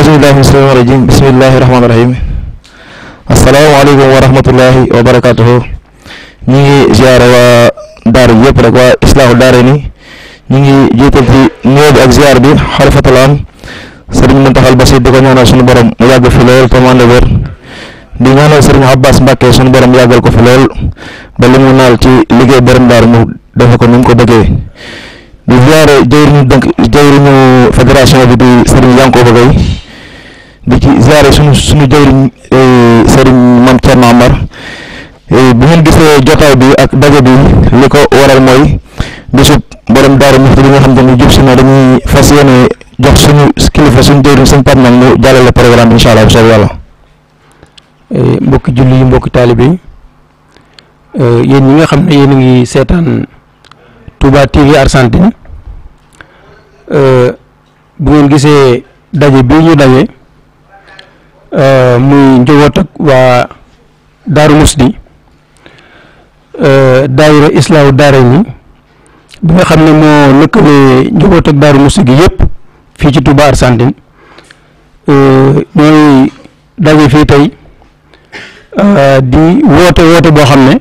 aousubillahi min shaytaani rajim bismillahi rahmaani rahim asalaamaaleykum wa rahmatullahi wa barakatuhu ñu ngi ziyaara waa daara ji yëpp rek waa islaahu daara ni ñu ngi jiital ak ziyaar bi xalifatul am sëriñ Muntaxa Basiir di ko ñaanal sunu borom mu yàgg fi lool te mu ànd wér di ñaanal sëriñ Abbas Mbàkke sunu borom yàggal ko fi lool ba naal ci liggéey borom daar mu defe ko ni mu ko bëggee di ziyaare jëwriñu dënk jëwriñu bi di sëriñ Yankuba Gaye di ci ziare suñu suñu jëwriñ eh, Serigne Mame Thierno Amar eh, bu ngeen gisee jotaay bi ak daje bi li ko waral mooy bisub borom Daaru Muxti bi nga xam te ne jub si na dañuy fas yéene jox suñu kilifa suñu jëwriñ seen Pape Niang mu jàllale programme incha allah bu soobee yàlla. Eh, mbokki julli yi mbokki taalibe yi nga xam ne yéen ngi seetaan Touba TV Argentine bu ngeen gisee daje bii ñu daje. Euh, muy njaboot ak waa Daaru Musdi euh, daayira islaahu daara ni bi nga xam ne moo lëkkalee njaboot ak Daaru Musdi gi yëpp fii ci Touba Argentine euh, ñooy daje fii tey di woote woote boo xam ne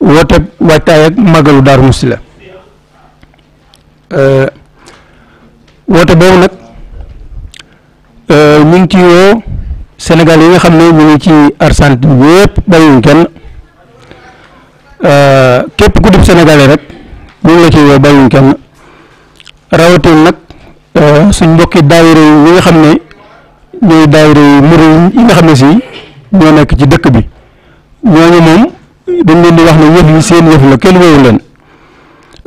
woote waajtaay ak màggalu Daaru Musdi la woote boobu nag ñu ngi ci Sénégal yi nga xam ne ñu ngi ci Argentine bi yëpp bàyyiwuñ kenn euh, képp ku dib sénégalais rek ñu ngi la ci yoo bàyyiwuñ kenn rawatina nag euh, suñ mbokki daayira yi nga xam ne ñooy daayira yi murid yi nga xam ne si ñoo nekk ci dëkk bi ñooñu moom dañ leen di wax ne yëf yi seen yëf la kenn woowu leen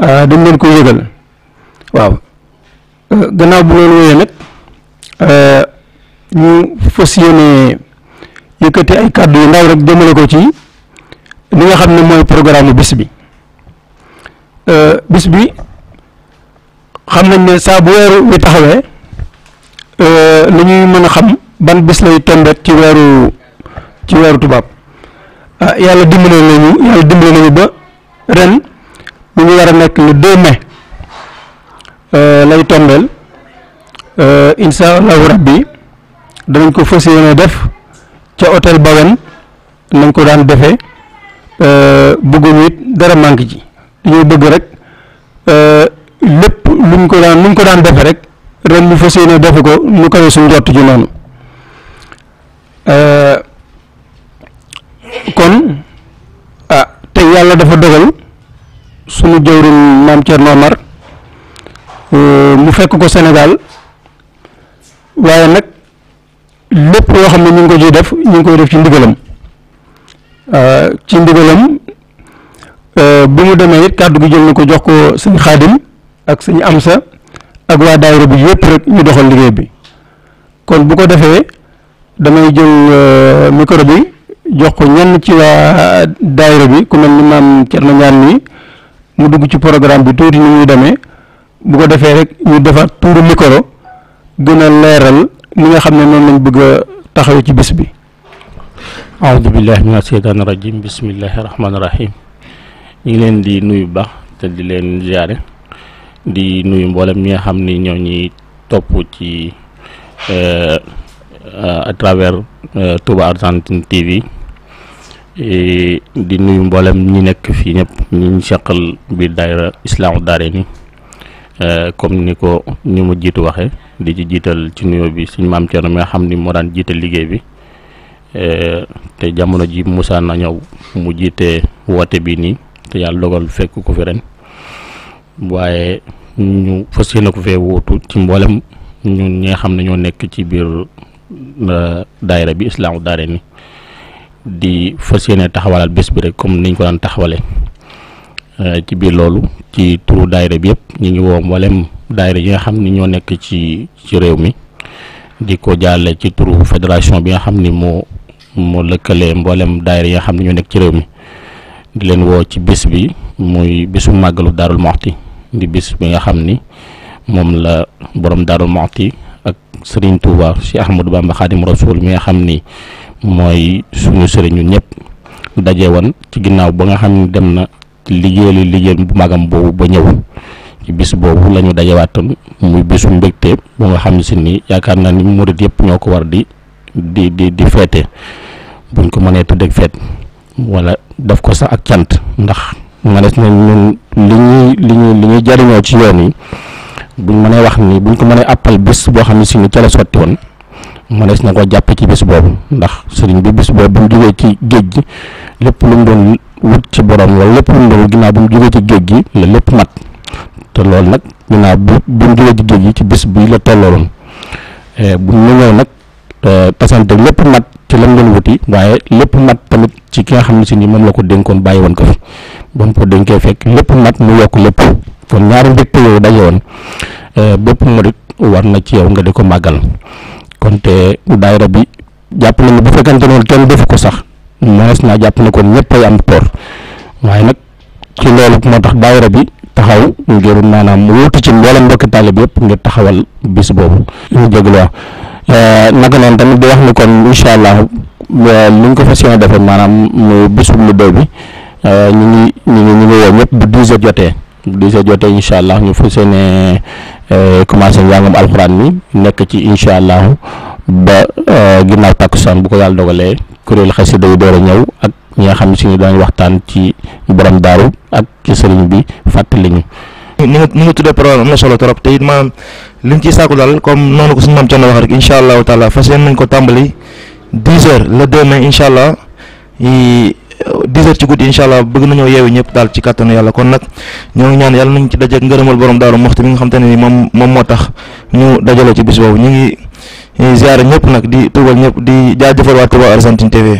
euh, dañ leen ko yëgal waaw gannaaw bu loolu wéyee nag ñu fas yéene yëkkati ay kàddu yu ndaw rek jëmale ko ci li nga xam ne mooy programme bis bi euh, bis bi xam na ne saa bu weer wi taxawee euh, li ñuy mën a xam ban bis lay tombet ci weeru ci weeru tubaab ah yàlla dimb nañu yàlla dimbale nañu ba ren mu ngi war a nekk le 2 mai euh, lay tombeel incha allahu danañ ko fas ne def ca hôtel Bawen nañ ko daan defee euh, bëgguñu it dara manque ji dañoo bëgg rek euh, lépp luñ ko daan luñ ko daan defe rek ren ñu fas yéene defe ko ñu kawe suñ njott ji noonu euh, kon ah te yàlla dafa dogal suñu jëwriñ maam Thierno Omar mu fekk ko Sénégal waaye nag lépp loo xam ne ñu ngi ko ciy def ñu ngi koy def ci ndigalam euh, ci ndigalam euh, bi mu demee it kàddu gi jël na ko jox ko sëñ xaadim ak sëñ amsa ak waa daayira bi yëpp rek ñu doxal liggéey bi kon bu ko defee damay jël euh, micro bi jox ko ñenn ci waa daayira bi ku mel ni maam Thierno Niane nii mu dugg ci programme bi tuuti ni muy demee bu ko defee rek ñu defar tuuru micro gën a leeral. li nga xam ne noonu lañ bëgg a ci bis bi aoudu billahi mina sheytaani rajim bismillahi rahmaani rahim ñu ngi leen di nuyu baax te di leen ziare di nuyu mboolem ñi nga xam ni ñoo ñuy topp ci euh, à travers euh, Touba Argentine TV di nuyu mboolem ñi nekk fii ñëpp ñi ñu seqal biir daayira islaamu daare ni euh, comme ni ko ñu mu jiitu waxee di ci jiital ci nuyoo bi suñ maam Thierno mi nga xam ni moo daan jiital liggéey bi eh, te jamono ji Moussa na ñëw mu jiite woote bi nii te yàlla dogal fekk ko fi ren waaye ñu fas yéene ko fee wóotu ci mboolem ñun ñi xam ne ñoo nekk ci biir eh, daayira bi islaamu daare ni di fas yéene taxawalal bés bi rek comme niñ ko daan taxawale eh, ci biir loolu ci turu daayira bi yëpp ñu ngi woo mboolem daayira yi nga xam ni ñoo nekk ci ci réew mi di ko jaale ci turu fédération bi nga xam ni moo moo lëkkalee mboolem daayira yi nga xam ni ñoo nekk ci réew mi di leen woo ci bis bi muy bisu màggalu Daarul Moxti di bis bi nga xam ni moom la borom Daarul Moxti ak Serigne Touba si Ahmadou Bamba Xaadim Rasul mi nga xam ni mooy suñu sëriñu ñëpp daje woon ci ginnaaw ba nga xam ni dem na liggéeyali liggéey bu magam boobu ba ñëw ci bis boobu la ñu dajewaatoon muy bisu mbégte bu nga xam ne si ni yaakaar naa ni murit yépp ñoo ko war di di di di feete buñ ko mënee tuddee feet wala def ko sax ak cant ndax manees na ñun li ñuy li ñuy li ñuy jariñoo ci yoon yi buñ mënee wax ni buñ ko mënee àppal bis boo xam ne si ni ca la sotti woon manees na ko jàppe ci bis boobu ndax sëriñ bi bis boobu bu mu jógee ci géej gi lépp lu doon wut ci borom wala lépp lu mu doon ginnaaw bu mu jógee ci géej gi lépp mat te loolu nag naa bu bi mu jógee ci géej gi ci bis bi la tollooloon bu ñu eh, ñëw nag eh, tasante lépp nat ci lam doon wuti waaye lépp nat tamit ci ki nga xam ne si ni moom la ko dénkoon bàyyi woon ko fi ba mu ko dénkee fekk lépp nat mu yokk lépp kon ñaari mbégte yooyu daje woon eh, bépp murit war na ci yow nga di ko màggal kon te bi jàpp nañu bu fekkante noonu kenn defu ko sax mënees naa jàpp ne ñëpp ay am toor waaye nag ci loolu moo tax daayira bi. taxaw ngir maanaam wuutu ci mboolem mbokki taalib yëpp ngir taxawal bis boobu ñu jégalu wax eh, naka noonu tamit di wax ni kon incha allah li eh, ñu ko fas yéene defee maanaam mu bisu liggéey bi eh, ñu ngi ñu ngi ñu ngi woo ñëpp bu 10 jotee bu 10 jotee incha allah ñu fas yéene commencé njàngam alxuraan mi nekk ci incha allah ba ginnaaw takkusaan bu ko yàlla dogalee kuréel xasida yi door a ñëw ak. ñi nga xam si ne daañu waxtaan ci borom daaru ak ci sëriñ bi fàttali ñu. ni nga ni nga tuddee programme am na solo trop te it maanaam liñ ciy sàkku daal comme noonu ko suñu maam Thierno wax di incha allahu taala fas yéene nañ ko ci guddi incha allah bëgg nañoo yeewi ñëpp daal ci kàttanu yàlla kon nag ñoo ngi ñaan yàlla nañ ci dajeek ngërëmal borom daaru moxti xam te moom moom moo tax ñu dajaloo ci bis boobu ñu ngi ziare ñëpp nag di tuubal ñëpp di jaajëfal waa Touba Argentine TV